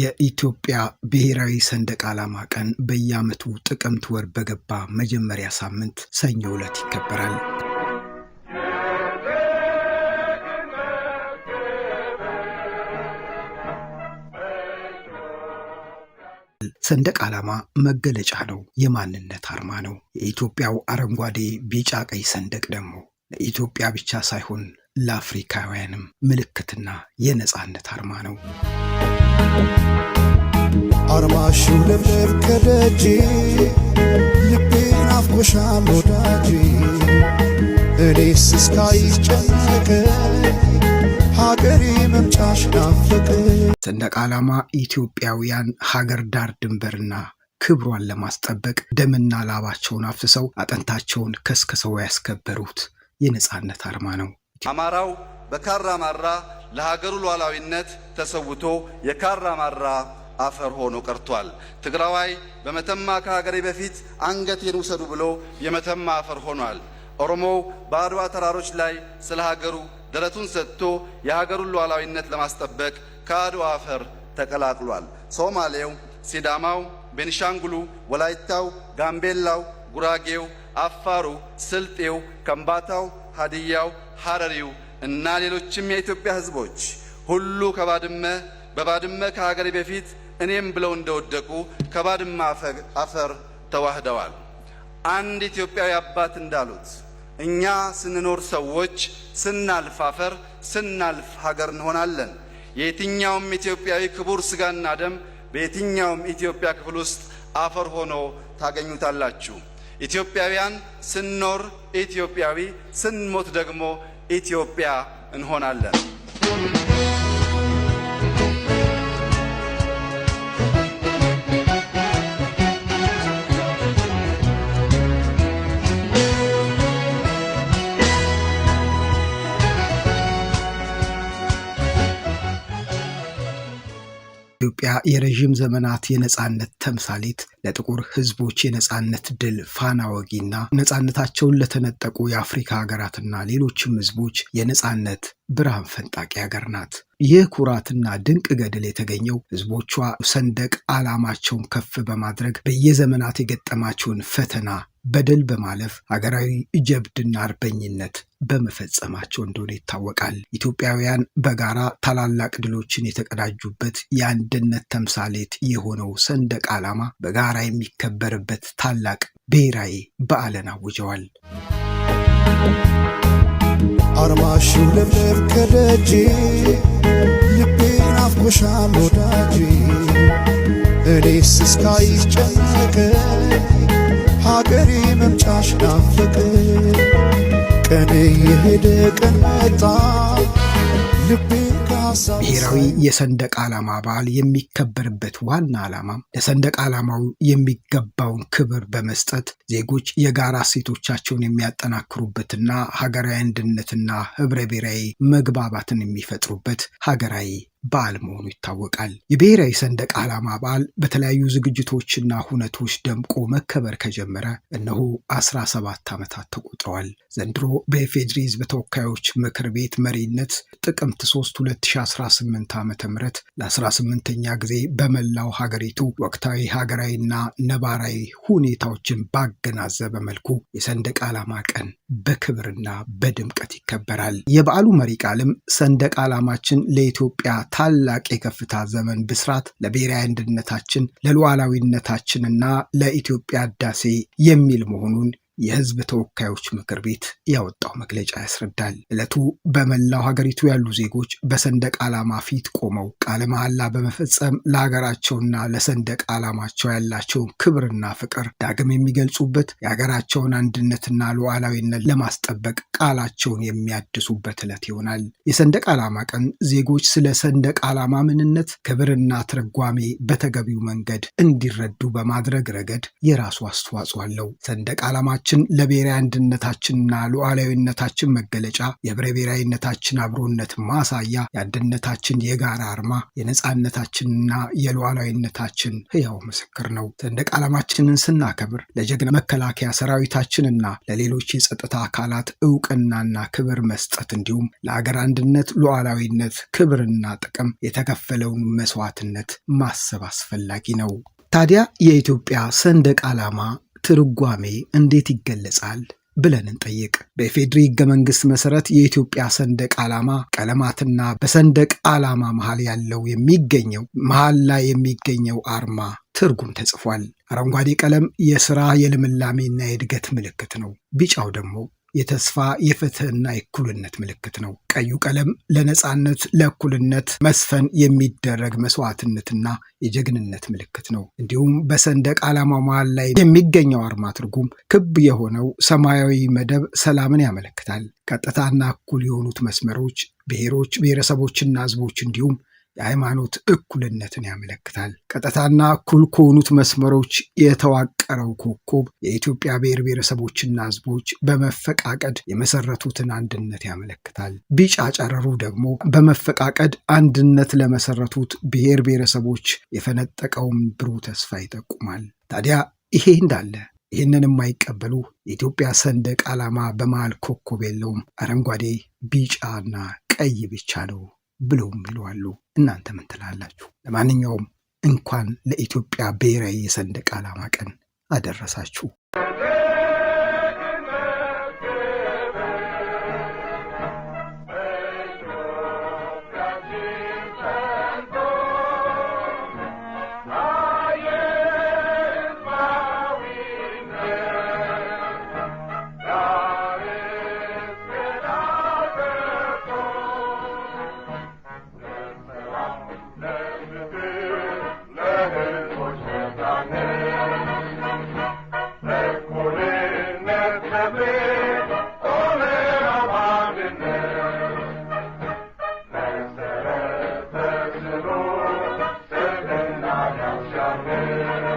የኢትዮጵያ ብሔራዊ ሰንደቅ ዓላማ ቀን በየዓመቱ ጥቅምት ወር በገባ መጀመሪያ ሳምንት ሰኞ ዕለት ይከበራል። ሰንደቅ ዓላማ መገለጫ ነው፣ የማንነት አርማ ነው። የኢትዮጵያው አረንጓዴ፣ ቢጫ፣ ቀይ ሰንደቅ ደግሞ ለኢትዮጵያ ብቻ ሳይሆን ለአፍሪካውያንም ምልክትና የነፃነት አርማ ነው። አርማሽው ለምለም ከደጅ ልቤ ናፍቆሻል ወዳጅ እኔስ እስካይጨነቅ ሀገሬ መምጫሽ ናፍቅ። ሰንደቅ ዓላማ ኢትዮጵያውያን ሀገር ዳር ድንበርና ክብሯን ለማስጠበቅ ደምና ላባቸውን አፍስሰው አጥንታቸውን ከስክሰው ያስከበሩት የነፃነት አርማ ነው። አማራው በካራ ማራ ለሀገሩ ሉዓላዊነት ተሰውቶ የካራ ማራ አፈር ሆኖ ቀርቷል። ትግራዋይ በመተማ ከሀገሬ በፊት አንገቴን ውሰዱ ብሎ የመተማ አፈር ሆኗል። ኦሮሞው በአድዋ ተራሮች ላይ ስለ ሀገሩ ደረቱን ሰጥቶ የሀገሩን ሉዓላዊነት ለማስጠበቅ ከአድዋ አፈር ተቀላቅሏል። ሶማሌው፣ ሲዳማው፣ ቤኒሻንጉሉ፣ ወላይታው፣ ጋምቤላው፣ ጉራጌው፣ አፋሩ፣ ስልጤው፣ ከምባታው፣ ሀዲያው፣ ሀረሪው እና ሌሎችም የኢትዮጵያ ህዝቦች ሁሉ ከባድመ በባድመ ከሀገሬ በፊት እኔም ብለው እንደወደቁ ከባድመ አፈር ተዋህደዋል። አንድ ኢትዮጵያዊ አባት እንዳሉት እኛ ስንኖር ሰዎች፣ ስናልፍ አፈር፣ ስናልፍ ሀገር እንሆናለን። የየትኛውም ኢትዮጵያዊ ክቡር ስጋና ደም በየትኛውም ኢትዮጵያ ክፍል ውስጥ አፈር ሆኖ ታገኙታላችሁ። ኢትዮጵያውያን ስንኖር ኢትዮጵያዊ፣ ስንሞት ደግሞ ኢትዮጵያ እንሆናለን። ኢትዮጵያ የረዥም ዘመናት የነፃነት ተምሳሌት ለጥቁር ህዝቦች የነፃነት ድል ፋና ወጊና ነፃነታቸውን ለተነጠቁ የአፍሪካ ሀገራትና ሌሎችም ህዝቦች የነፃነት ። ብርሃን ፈንጣቂ ሀገር ናት። ይህ ኩራትና ድንቅ ገድል የተገኘው ህዝቦቿ ሰንደቅ ዓላማቸውን ከፍ በማድረግ በየዘመናት የገጠማቸውን ፈተና በድል በማለፍ ሀገራዊ ጀብድና አርበኝነት በመፈጸማቸው እንደሆነ ይታወቃል። ኢትዮጵያውያን በጋራ ታላላቅ ድሎችን የተቀዳጁበት የአንድነት ተምሳሌት የሆነው ሰንደቅ ዓላማ በጋራ የሚከበርበት ታላቅ ብሔራዊ በዓልን አውጀዋል። አርማሽው ለምለም ከደጅ ልቤ ናፍቆሻል ወዳጅ እኔስ እስካይሽ ጨነቀ ሀገሬ መምጫሽ ናፈቀ ቀኔ የሄደ ቀን መጣ ልቤ ብሔራዊ የሰንደቅ ዓላማ በዓል የሚከበርበት ዋና ዓላማ ለሰንደቅ ዓላማው የሚገባውን ክብር በመስጠት ዜጎች የጋራ እሴቶቻቸውን የሚያጠናክሩበትና ሀገራዊ አንድነትና ህብረ ብሔራዊ መግባባትን የሚፈጥሩበት ሀገራዊ በዓል መሆኑ ይታወቃል። የብሔራዊ ሰንደቅ ዓላማ በዓል በተለያዩ ዝግጅቶችና ሁነቶች ደምቆ መከበር ከጀመረ እነሆ 17 ዓመታት ተቆጥረዋል። ዘንድሮ በኢፌዴሪ ሕዝብ ተወካዮች ምክር ቤት መሪነት ጥቅምት 3 2018 ዓ ም ለ18ኛ ጊዜ በመላው ሀገሪቱ ወቅታዊ ሀገራዊና ነባራዊ ሁኔታዎችን ባገናዘበ መልኩ የሰንደቅ ዓላማ ቀን በክብርና በድምቀት ይከበራል። የበዓሉ መሪ ቃልም ሰንደቅ ዓላማችን ለኢትዮጵያ ታላቅ የከፍታ ዘመን ብስራት ለብሔራዊ አንድነታችን ለሉዓላዊነታችንና ለኢትዮጵያ ሕዳሴ የሚል መሆኑን የህዝብ ተወካዮች ምክር ቤት ያወጣው መግለጫ ያስረዳል። ዕለቱ በመላው ሀገሪቱ ያሉ ዜጎች በሰንደቅ ዓላማ ፊት ቆመው ቃለ መሐላ በመፈጸም ለሀገራቸውና ለሰንደቅ ዓላማቸው ያላቸውን ክብርና ፍቅር ዳግም የሚገልጹበት የሀገራቸውን አንድነትና ሉዓላዊነት ለማስጠበቅ ቃላቸውን የሚያድሱበት ዕለት ይሆናል። የሰንደቅ ዓላማ ቀን ዜጎች ስለ ሰንደቅ ዓላማ ምንነት፣ ክብርና ትርጓሜ በተገቢው መንገድ እንዲረዱ በማድረግ ረገድ የራሱ አስተዋጽኦ አለው። ሰንደቅ ዓላማችን ባህላችን ለብሔራዊ አንድነታችንና ሉዓላዊነታችን መገለጫ፣ የህብረ ብሔራዊነታችን አብሮነት ማሳያ፣ የአንድነታችን የጋራ አርማ፣ የነፃነታችንና የሉዓላዊነታችን ህያው ምስክር ነው። ሰንደቅ ዓላማችንን ስናከብር ለጀግና መከላከያ ሰራዊታችንና ለሌሎች የጸጥታ አካላት እውቅናና ክብር መስጠት እንዲሁም ለአገር አንድነት፣ ሉዓላዊነት፣ ክብርና ጥቅም የተከፈለውን መስዋዕትነት ማሰብ አስፈላጊ ነው። ታዲያ የኢትዮጵያ ሰንደቅ ዓላማ ትርጓሜ እንዴት ይገለጻል ብለን እንጠይቅ። በኢፌዴሪ ህገ መንግስት መሰረት የኢትዮጵያ ሰንደቅ ዓላማ ቀለማትና በሰንደቅ ዓላማ መሃል ያለው የሚገኘው መሃል ላይ የሚገኘው አርማ ትርጉም ተጽፏል። አረንጓዴ ቀለም የሥራ የልምላሜና የእድገት ምልክት ነው። ቢጫው ደግሞ የተስፋ የፍትህና የእኩልነት ምልክት ነው። ቀዩ ቀለም ለነፃነት ለእኩልነት መስፈን የሚደረግ መስዋዕትነትና የጀግንነት ምልክት ነው። እንዲሁም በሰንደቅ ዓላማው መሃል ላይ የሚገኘው አርማ ትርጉም ክብ የሆነው ሰማያዊ መደብ ሰላምን ያመለክታል። ቀጥታና እኩል የሆኑት መስመሮች ብሔሮች፣ ብሔረሰቦችና ህዝቦች እንዲሁም የሃይማኖት እኩልነትን ያመለክታል። ቀጥታና እኩል ከሆኑት መስመሮች የተዋቀረው ኮከብ የኢትዮጵያ ብሔር ብሔረሰቦችና ሕዝቦች በመፈቃቀድ የመሰረቱትን አንድነት ያመለክታል። ቢጫ ጨረሩ ደግሞ በመፈቃቀድ አንድነት ለመሰረቱት ብሔር ብሔረሰቦች የፈነጠቀውን ብሩህ ተስፋ ይጠቁማል። ታዲያ ይሄ እንዳለ ይህንን የማይቀበሉ የኢትዮጵያ ሰንደቅ ዓላማ በመሃል ኮከብ የለውም። አረንጓዴ ቢጫና ቀይ ብቻ ነው ብለውም ይለዋሉ። እናንተ ምን ትላላችሁ? ለማንኛውም እንኳን ለኢትዮጵያ ብሔራዊ የሰንደቅ ዓላማ ቀን አደረሳችሁ። Amen.